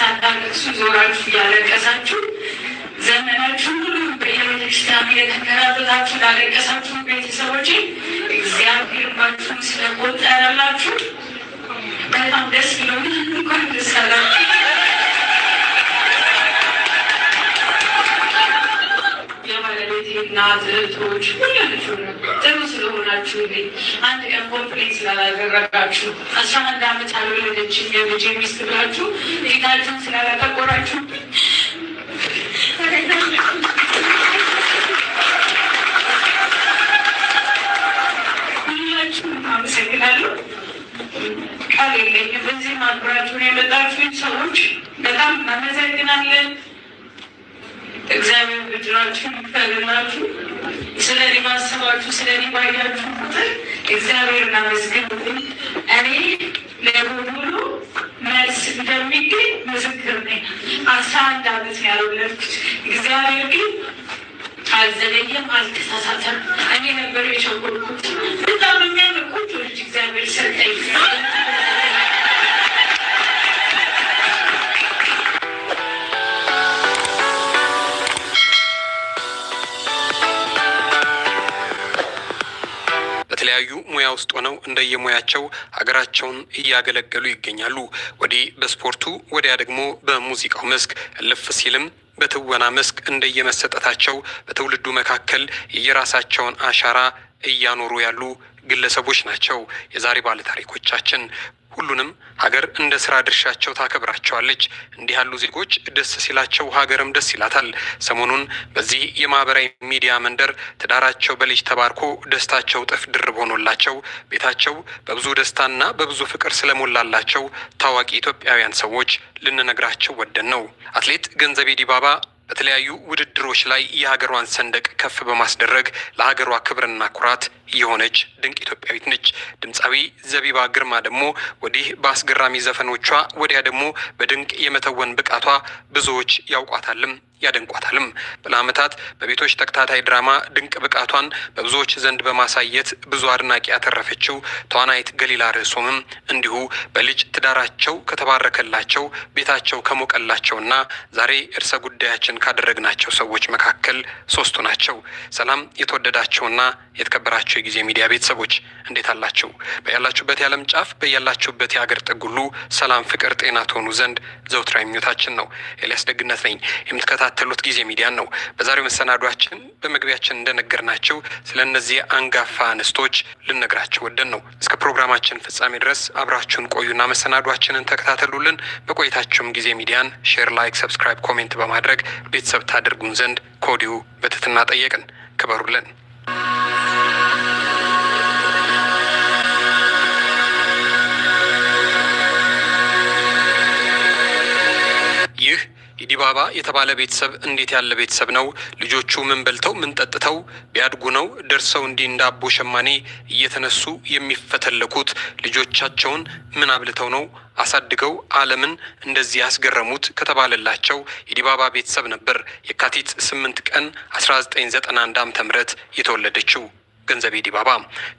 ሳታለቅሱ ዞራችሁ እያለቀሳችሁ ዘመናችሁ ሁሉ በየቤተክርስቲያኑ የተከራተታችሁ ላለቀሳችሁ ቤተሰቦች እግዚአብሔር ባችሁ ስለቆጠረላችሁ በጣም ደስ ብሎኛል። እንኳን ደስ አላችሁ። እናት እህቶች ሁላችሁ ጥሩ ስለሆናችሁ አንድ ቀን ኮምፕሌን ስላላደረጋችሁ አስራ አንድ አመት አልወለደችም የልጅ ሚስት ብላችሁ ፊታችሁን ስላላጠቆራችሁ ሁላችሁ አመሰግናለሁ። ቃል የለኝም። በዚህ ማክበራችሁን የመጣችሁን ሰዎች በጣም እናመሰግናለን። እግዚአብሔር ብድራችሁን ይክፈልላችሁ። ስለ እኔ ማሰባችሁ፣ ስለ እኔ ባያችሁ ቁጥር እግዚአብሔር እናመስግኑልኝ። እኔ ለጎዶሎ መልስ እንደሚገኝ ምስክር ነኝ። አስራ አንድ አመት ነው እግዚአብሔር ግን አልዘለየም፣ አልተሳሳተም። እኔ ነበር የቸኮልኩት። በጣም የሚያምር ቆንጆ ልጅ እግዚአብሔር ሰጠኝ። ሙያ ውስጥ ሆነው እንደየሙያቸው ሀገራቸውን እያገለገሉ ይገኛሉ። ወዲህ በስፖርቱ ወዲያ ደግሞ በሙዚቃው መስክ እልፍ ሲልም በትወና መስክ እንደየመሰጠታቸው በትውልዱ መካከል የየራሳቸውን አሻራ እያኖሩ ያሉ ግለሰቦች ናቸው የዛሬ ባለታሪኮቻችን። ሁሉንም ሀገር እንደ ስራ ድርሻቸው ታከብራቸዋለች። እንዲህ ያሉ ዜጎች ደስ ሲላቸው ሀገርም ደስ ይላታል። ሰሞኑን በዚህ የማህበራዊ ሚዲያ መንደር ትዳራቸው በልጅ ተባርኮ ደስታቸው ጥፍ ድርብ ሆኖላቸው ቤታቸው በብዙ ደስታና በብዙ ፍቅር ስለሞላላቸው ታዋቂ ኢትዮጵያውያን ሰዎች ልንነግራቸው ወደን ነው። አትሌት ገንዘቤ ዲባባ በተለያዩ ውድድሮች ላይ የሀገሯን ሰንደቅ ከፍ በማስደረግ ለሀገሯ ክብርና ኩራት የሆነች ድንቅ ኢትዮጵያዊት ነች። ድምፃዊ ዘቢባ ግርማ ደግሞ ወዲህ በአስገራሚ ዘፈኖቿ፣ ወዲያ ደግሞ በድንቅ የመተወን ብቃቷ ብዙዎች ያውቋታልም። ያደንቋታልም። ለዓመታት በቤቶች ተከታታይ ድራማ ድንቅ ብቃቷን በብዙዎች ዘንድ በማሳየት ብዙ አድናቂ ያተረፈችው ተዋናይት ገሊላ ርዕሶምም እንዲሁ በልጅ ትዳራቸው ከተባረከላቸው ቤታቸው ከሞቀላቸውና ዛሬ እርሰ ጉዳያችን ካደረግናቸው ሰዎች መካከል ሶስቱ ናቸው። ሰላም የተወደዳቸውና የተከበራቸው የጊዜ ሚዲያ ቤተሰቦች እንዴት አላችሁ? በያላችሁበት የዓለም ጫፍ በያላችሁበት የአገር ጥጉሉ ሰላም፣ ፍቅር፣ ጤና ትሆኑ ዘንድ ዘውትራ ምኞታችን ነው። ኤልያስ ደግነት ነኝ የምትከታ የምትከታተሉት ጊዜ ሚዲያን ነው። በዛሬው መሰናዷችን በመግቢያችን እንደነገርናቸው ስለ እነዚህ አንጋፋ አንስቶች ልነግራቸው ወደን ነው። እስከ ፕሮግራማችን ፍጻሜ ድረስ አብራችሁን ቆዩና መሰናዷችንን ተከታተሉልን። በቆይታችሁም ጊዜ ሚዲያን ሼር፣ ላይክ፣ ሰብስክራይብ፣ ኮሜንት በማድረግ ቤተሰብ ታደርጉን ዘንድ ኮዲው በትትና ጠየቅን። ክበሩልን። ዲባባ የተባለ ቤተሰብ እንዴት ያለ ቤተሰብ ነው! ልጆቹ ምን በልተው ምን ጠጥተው ቢያድጉ ነው ደርሰው እንዲህ እንደ አቦ ሸማኔ እየተነሱ የሚፈተለኩት? ልጆቻቸውን ምን አብልተው ነው አሳድገው ዓለምን እንደዚህ ያስገረሙት ከተባለላቸው የዲባባ ቤተሰብ ነበር የካቲት 8 ቀን 1991 ም የተወለደችው ገንዘቤ ዲባባ።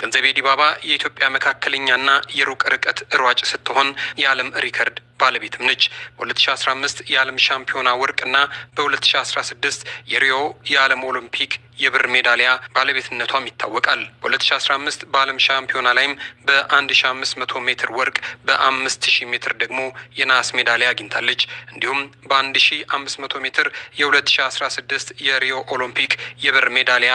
ገንዘቤ ዲባባ የኢትዮጵያ መካከለኛና የሩቅ ርቀት ሯጭ ስትሆን የዓለም ሪከርድ ባለቤትም ነች። በ2015 የዓለም ሻምፒዮና ወርቅ እና በ2016 የሪዮ የዓለም ኦሎምፒክ የብር ሜዳሊያ ባለቤትነቷም ይታወቃል። በ2015 በዓለም ሻምፒዮና ላይም በ1500 ሜትር ወርቅ፣ በ5000 ሜትር ደግሞ የናስ ሜዳሊያ አግኝታለች። እንዲሁም በ1500 ሜትር የ2016 የሪዮ ኦሎምፒክ የብር ሜዳሊያ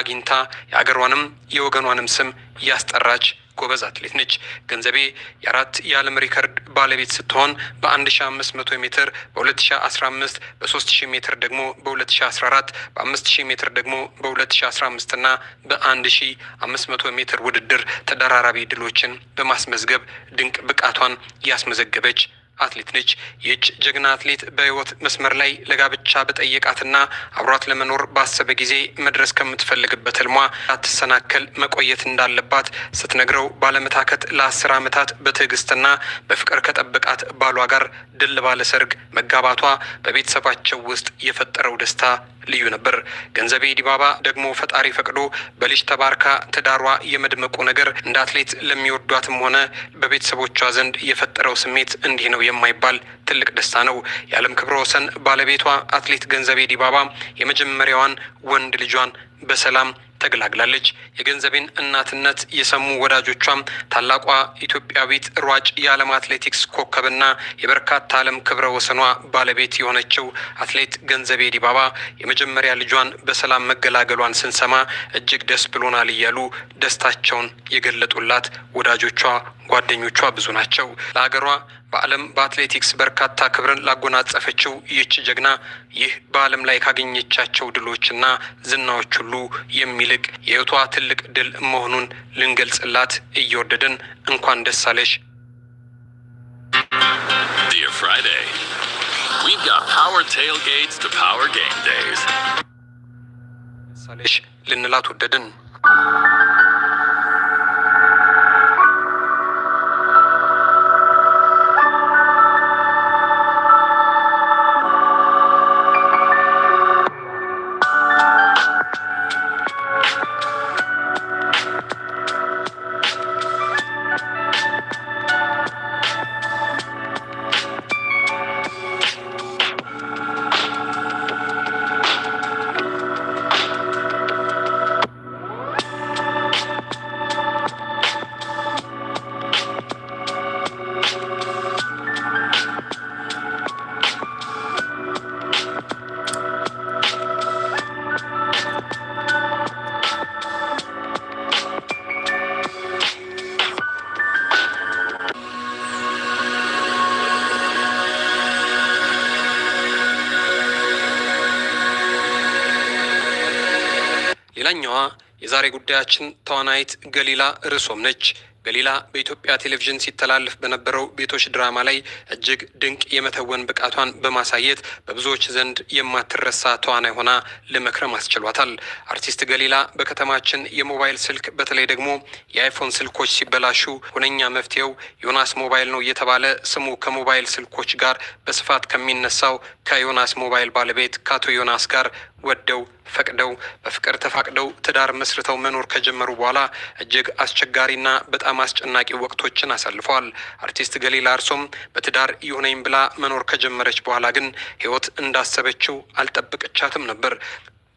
አግኝታ የአገሯንም የወገኗንም ስም ያስጠራች ጎበዝ አትሌት ነች። ገንዘቤ የአራት የዓለም ሪከርድ ባለቤት ስትሆን በ1500 ሜትር በ2015 በ3000 ሜትር ደግሞ በ2014 በ5000 ሜትር ደግሞ በ2015 እና በ1500 ሜትር ውድድር ተደራራቢ ድሎችን በማስመዝገብ ድንቅ ብቃቷን ያስመዘገበች አትሌት ነች። ይህች ጀግና አትሌት በህይወት መስመር ላይ ለጋብቻ በጠየቃትና አብሯት ለመኖር ባሰበ ጊዜ መድረስ ከምትፈልግበት ህልሟ ላትሰናከል መቆየት እንዳለባት ስትነግረው ባለመታከት ለአስር ዓመታት በትዕግስትና በፍቅር ከጠበቃት ባሏ ጋር ድል ባለ ሰርግ መጋባቷ በቤተሰባቸው ውስጥ የፈጠረው ደስታ ልዩ ነበር። ገንዘቤ ዲባባ ደግሞ ፈጣሪ ፈቅዶ በልጅ ተባርካ ትዳሯ የመድመቁ ነገር እንደ አትሌት ለሚወዷትም ሆነ በቤተሰቦቿ ዘንድ የፈጠረው ስሜት እንዲህ ነው የማይባል ትልቅ ደስታ ነው። የዓለም ክብረ ወሰን ባለቤቷ አትሌት ገንዘቤ ዲባባ የመጀመሪያዋን ወንድ ልጇን በሰላም ተገላግላለች። የገንዘቤን እናትነት የሰሙ ወዳጆቿም ታላቋ ኢትዮጵያዊት ሯጭ የዓለም አትሌቲክስ ኮከብና የበርካታ ዓለም ክብረ ወሰኗ ባለቤት የሆነችው አትሌት ገንዘቤ ዲባባ የመጀመሪያ ልጇን በሰላም መገላገሏን ስንሰማ እጅግ ደስ ብሎናል እያሉ ደስታቸውን የገለጡላት ወዳጆቿ፣ ጓደኞቿ ብዙ ናቸው። ለሀገሯ በዓለም በአትሌቲክስ በርካታ ክብርን ላጎናጸፈችው ይህች ጀግና ይህ በዓለም ላይ ካገኘቻቸው ድሎችና ዝናዎች ሁሉ የሚ ይልቅ የህይወቷ ትልቅ ድል መሆኑን ልንገልጽላት እየወደድን እንኳን ደስ አለሽ። ልንላት ወደድን። የዛሬ ጉዳያችን ተዋናይት ገሊላ ርዕሶም ነች። ገሊላ በኢትዮጵያ ቴሌቪዥን ሲተላለፍ በነበረው ቤቶች ድራማ ላይ እጅግ ድንቅ የመተወን ብቃቷን በማሳየት በብዙዎች ዘንድ የማትረሳ ተዋናይ ሆና ለመክረም አስችሏታል። አርቲስት ገሊላ በከተማችን የሞባይል ስልክ በተለይ ደግሞ የአይፎን ስልኮች ሲበላሹ ሁነኛ መፍትሄው ዮናስ ሞባይል ነው እየተባለ ስሙ ከሞባይል ስልኮች ጋር በስፋት ከሚነሳው ከዮናስ ሞባይል ባለቤት ከአቶ ዮናስ ጋር ወደው ፈቅደው በፍቅር ተፋቅደው ትዳር መስርተው መኖር ከጀመሩ በኋላ እጅግ አስቸጋሪና በጣም አስጨናቂ ወቅቶችን አሳልፏል። አርቲስት ገሊላ አርሶም በትዳር ይሁነኝ ብላ መኖር ከጀመረች በኋላ ግን ህይወት እንዳሰበችው አልጠበቀቻትም ነበር።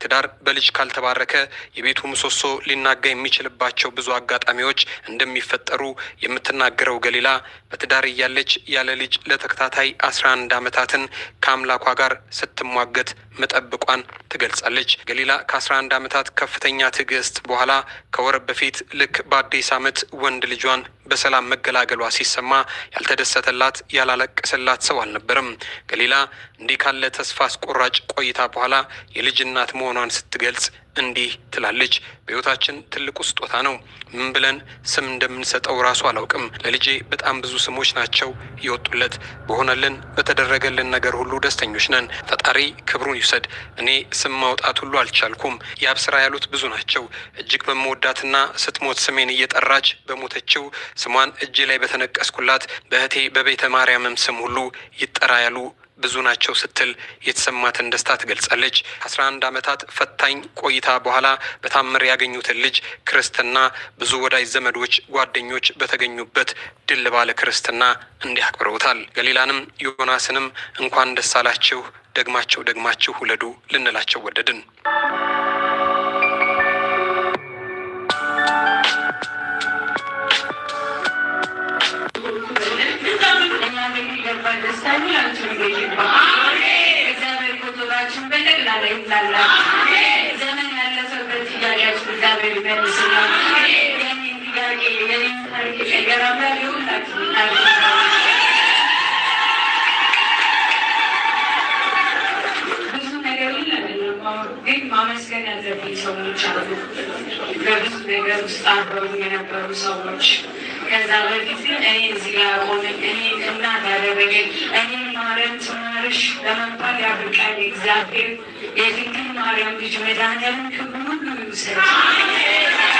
ትዳር በልጅ ካልተባረከ የቤቱ ምሰሶ ሊናጋ የሚችልባቸው ብዙ አጋጣሚዎች እንደሚፈጠሩ የምትናገረው ገሊላ በትዳር እያለች ያለ ልጅ ለተከታታይ አስራ አንድ ዓመታትን ከአምላኳ ጋር ስትሟገት መጠብቋን ትገልጻለች። ገሊላ ከአስራ አንድ ዓመታት ከፍተኛ ትዕግስት በኋላ ከወር በፊት ልክ በአዲስ ዓመት ወንድ ልጇን በሰላም መገላገሏ ሲሰማ ያልተደሰተላት ያላለቀሰላት ሰው አልነበረም። ገሊላ እንዲህ ካለ ተስፋ አስቆራጭ ቆይታ በኋላ የልጅ እናት መሆኗን ስትገልጽ እንዲህ ትላለች። በህይወታችን ትልቁ ስጦታ ነው። ምን ብለን ስም እንደምንሰጠው ራሱ አላውቅም። ለልጄ በጣም ብዙ ስሞች ናቸው የወጡለት። በሆነልን በተደረገልን ነገር ሁሉ ደስተኞች ነን። ፈጣሪ ክብሩን ይውሰድ። እኔ ስም ማውጣት ሁሉ አልቻልኩም። የአብስራ ያሉት ብዙ ናቸው። እጅግ በመወዳትና ስትሞት ስሜን እየጠራች በሞተችው ስሟን እጄ ላይ በተነቀስኩላት በእህቴ በቤተ ማርያምም ስም ሁሉ ይጠራ ያሉ ብዙ ናቸው ስትል የተሰማትን ደስታ ትገልጻለች። አስራ አንድ ዓመታት ፈታኝ ቆይታ በኋላ በታምር ያገኙትን ልጅ ክርስትና ብዙ ወዳጅ ዘመዶች፣ ጓደኞች በተገኙበት ድል ባለ ክርስትና እንዲህ አክብረውታል። ገሊላንም ዮናስንም እንኳን ደስ አላችሁ ደግማቸው ደግማችሁ ውለዱ ልንላቸው ወደድን። ብዙ ነገር ግን ማመስገን ያለብኝ ሰዎች አሉ። በብዙ ነገር ውስጥ አበሩ የነበሩ ሰዎች ከዛ በፊት ግን እኔ እዚህ ጋር ቆመኝ እኔ እናት ያደረገኝ እኔ ማርያም ተማርሽ ለመባል ያብቃኝ እግዚአብሔር የድንግል ማርያም ልጅ መድኃኒዓለም ክብር ይውሰድ።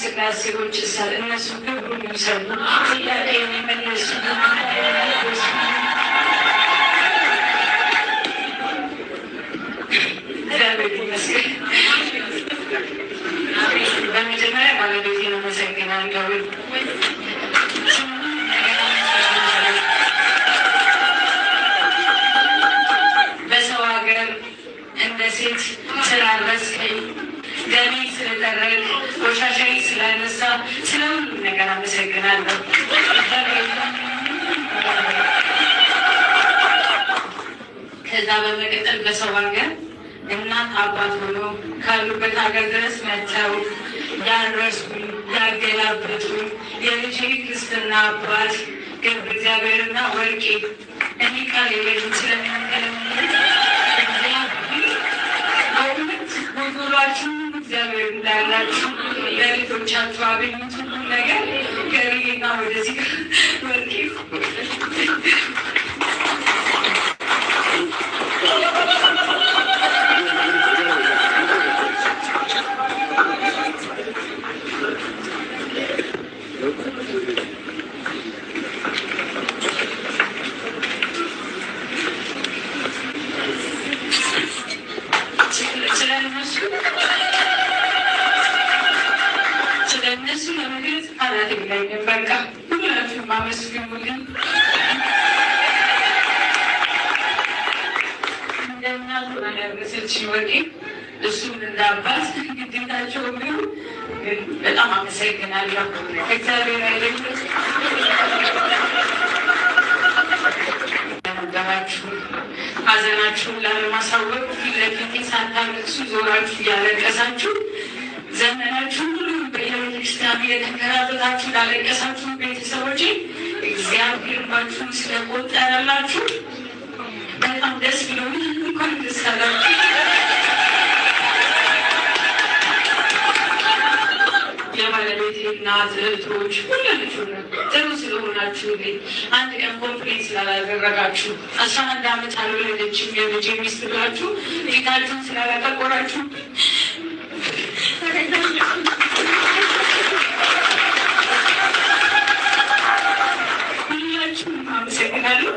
ስላሴዎች ይሳል እነሱ ክብሩን ይውሰዱ። ጥያቄን የመለሱ እግዚአብሔር በመጀመሪያ ባለቤቴን አመሰግናለሁ። በሰው ሀገር እንደ ሴት ስራ ገቢ ስለደረግ ቆሻሻይ ስለነሳ ስለሁሉም ነገር አመሰግናለሁ። ከዛ በመቀጠል በሰው ሀገር እናት አባት ሆኖ ካሉበት ሀገር ድረስ መጥተው ያረስኩኝ ያገላበጡኝ የልጅ ክርስትና አባት ገብረ እግዚአብሔርና ወርቄ እኔ ቃል የሌሉ ስለሚያገለ እግዚአብሔር በሁለት ጎዶሏችን እግዚአብሔር እንዳላችሁ ለልጆቻችሁ አገኙት ሁሉ ነገር ገሪና ወደዚህ ወርቂ በፊት እሱም እንዳባት ግዴታቸው ቢሉ በጣም አመሰግናለሁ። እግዚአብሔር አይለኝ ለመገባችሁ ላለማሳወቅ ፊት ለፊቴ ሳታለቅሱ ዞራችሁ እያለቀሳችሁ ዘመናችሁ ሁሉ በየቤተክርስቲያኑ የተከራተታችሁ ላለቀሳችሁ ቤተሰቦች እግዚአብሔር ባችሁን ስለቆጠረላችሁ በጣም ደስ ብሎ እንኳን ደስ አላችሁ። እናት እህቶች ሁላችሁ ጥሩ ስለሆናችሁልኝ አንድ ቀን ኮምፕሌን ስላላደረጋችሁ አስራ አንድ ዓመት አልወለደችም የልጅ ሚስት ብላችሁ ፊታችሁን ስላላጠቆራችሁ ሁላችሁም አመሰግናለሁ።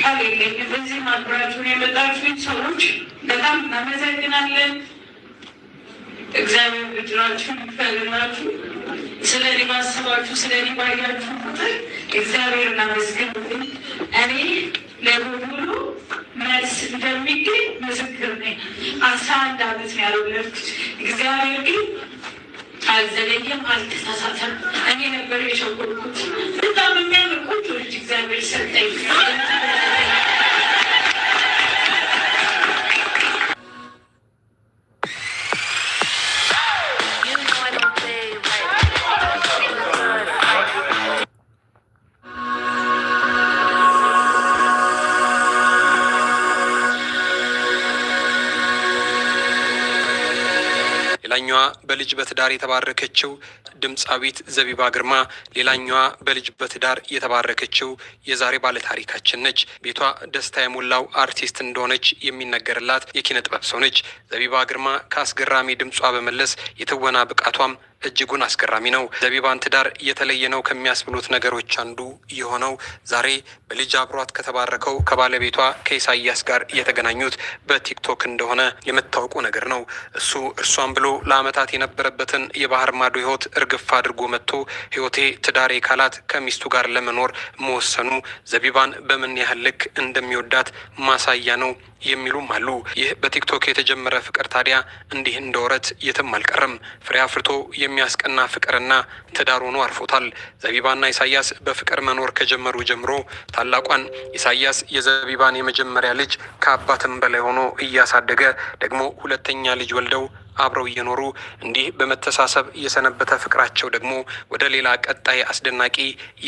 ቃል የለኝም። በዚህ ማክበራችሁን የመጣችሁ ሰዎች በጣም እናመሰግናለን። እግዚአብሔር ብድራችሁ ይክፈልላችሁ። ስለ እኔ ማሰባችሁ፣ ስለ እኔ ባያችሁ ቁጥር እግዚአብሔር እናመስግን። እኔ ለበሙሉ መልስ እንደሚገኝ ምስክር ነኝ። አስራ አንድ አመት ነው ያልወለድኩት። እግዚአብሔር ግን አልዘለየም፣ አልተሳሳተም። እኔ ነበር የቸኮልኩት። በጣም የሚያምር ቆንጆ ልጅ እግዚአብሔር ሰጠኝ። በልጅ በትዳር የተባረከችው ድምፃዊት ዘቢባ ግርማ ሌላኛዋ በልጅ በትዳር የተባረከችው የዛሬ ባለታሪካችን ነች። ቤቷ ደስታ የሞላው አርቲስት እንደሆነች የሚነገርላት የኪነ ጥበብ ሰው ነች። ዘቢባ ግርማ ከአስገራሚ ድምጿ በመለስ የትወና ብቃቷም እጅጉን አስገራሚ ነው። ዘቢባን ትዳር የተለየ ነው ከሚያስብሉት ነገሮች አንዱ የሆነው ዛሬ በልጅ አብሯት ከተባረከው ከባለቤቷ ከኢሳያስ ጋር የተገናኙት በቲክቶክ እንደሆነ የምታውቁ ነገር ነው። እሱ እርሷን ብሎ ለአመታት የነበረበትን የባህር ማዶ ህይወት እርግፍ አድርጎ መጥቶ ህይወቴ ትዳሬ ካላት ከሚስቱ ጋር ለመኖር መወሰኑ ዘቢባን በምን ያህል ልክ እንደሚወዳት ማሳያ ነው የሚሉም አሉ። ይህ በቲክቶክ የተጀመረ ፍቅር ታዲያ እንዲህ እንደ ወረት የትም አልቀርም ፍሬ አፍርቶ የሚያስቀና ፍቅርና ትዳር ሆኖ አርፎታል። ዘቢባና ኢሳያስ በፍቅር መኖር ከጀመሩ ጀምሮ ታላቋን ኢሳያስ የዘቢባን የመጀመሪያ ልጅ ከአባትም በላይ ሆኖ እያሳደገ ደግሞ ሁለተኛ ልጅ ወልደው አብረው እየኖሩ እንዲህ በመተሳሰብ የሰነበተ ፍቅራቸው ደግሞ ወደ ሌላ ቀጣይ አስደናቂ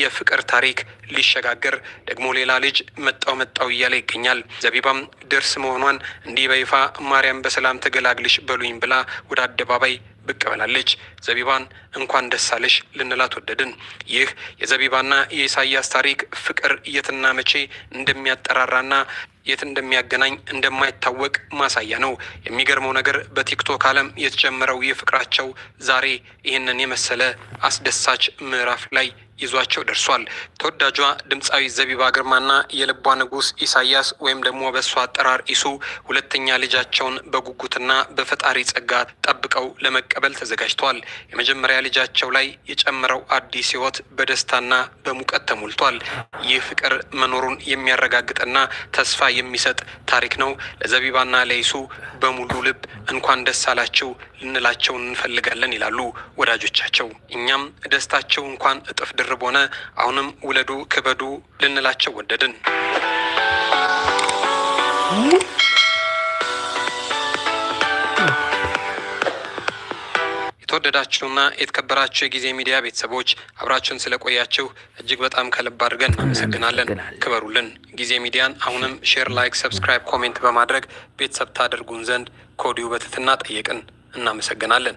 የፍቅር ታሪክ ሊሸጋገር ደግሞ ሌላ ልጅ መጣው መጣው እያለ ይገኛል። ዘቢባም ደርስ መሆኗን እንዲህ በይፋ ማርያም በሰላም ተገላግልሽ በሉኝ ብላ ወደ አደባባይ ብቅ ብላለች። ዘቢባን እንኳን ደስ አለሽ ልንላት ወደድን። ይህ የዘቢባና የኢሳያስ ታሪክ ፍቅር የትና መቼ እንደሚያጠራራና የት እንደሚያገናኝ እንደማይታወቅ ማሳያ ነው። የሚገርመው ነገር በቲክቶክ ዓለም የተጀመረው ይህ ፍቅራቸው ዛሬ ይህንን የመሰለ አስደሳች ምዕራፍ ላይ ይዟቸው ደርሷል። ተወዳጇ ድምፃዊ ዘቢባ ግርማና የልቧ ንጉስ ኢሳያስ ወይም ደግሞ በእሷ አጠራር ኢሱ ሁለተኛ ልጃቸውን በጉጉትና በፈጣሪ ጸጋ ጠብቀው ለመቀበል ተዘጋጅተዋል። የመጀመሪያ ልጃቸው ላይ የጨመረው አዲስ ሕይወት በደስታና በሙቀት ተሞልቷል። ይህ ፍቅር መኖሩን የሚያረጋግጥና ተስፋ የሚሰጥ ታሪክ ነው። ለዘቢባና ለይሱ በሙሉ ልብ እንኳን ደስ አላቸው ልንላቸው እንፈልጋለን ይላሉ ወዳጆቻቸው። እኛም ደስታቸው እንኳን እጥፍ ድርብ ሆነ። አሁንም ውለዱ፣ ክበዱ ልንላቸው ወደድን። የተወደዳችሁና የተከበራችሁ የጊዜ ሚዲያ ቤተሰቦች አብራችሁን ስለቆያችሁ እጅግ በጣም ከልብ አድርገን እናመሰግናለን። ክበሩልን። ጊዜ ሚዲያን አሁንም ሼር፣ ላይክ፣ ሰብስክራይብ፣ ኮሜንት በማድረግ ቤተሰብ ታደርጉን ዘንድ ከወዲሁ በትህትና ጠየቅን። እናመሰግናለን።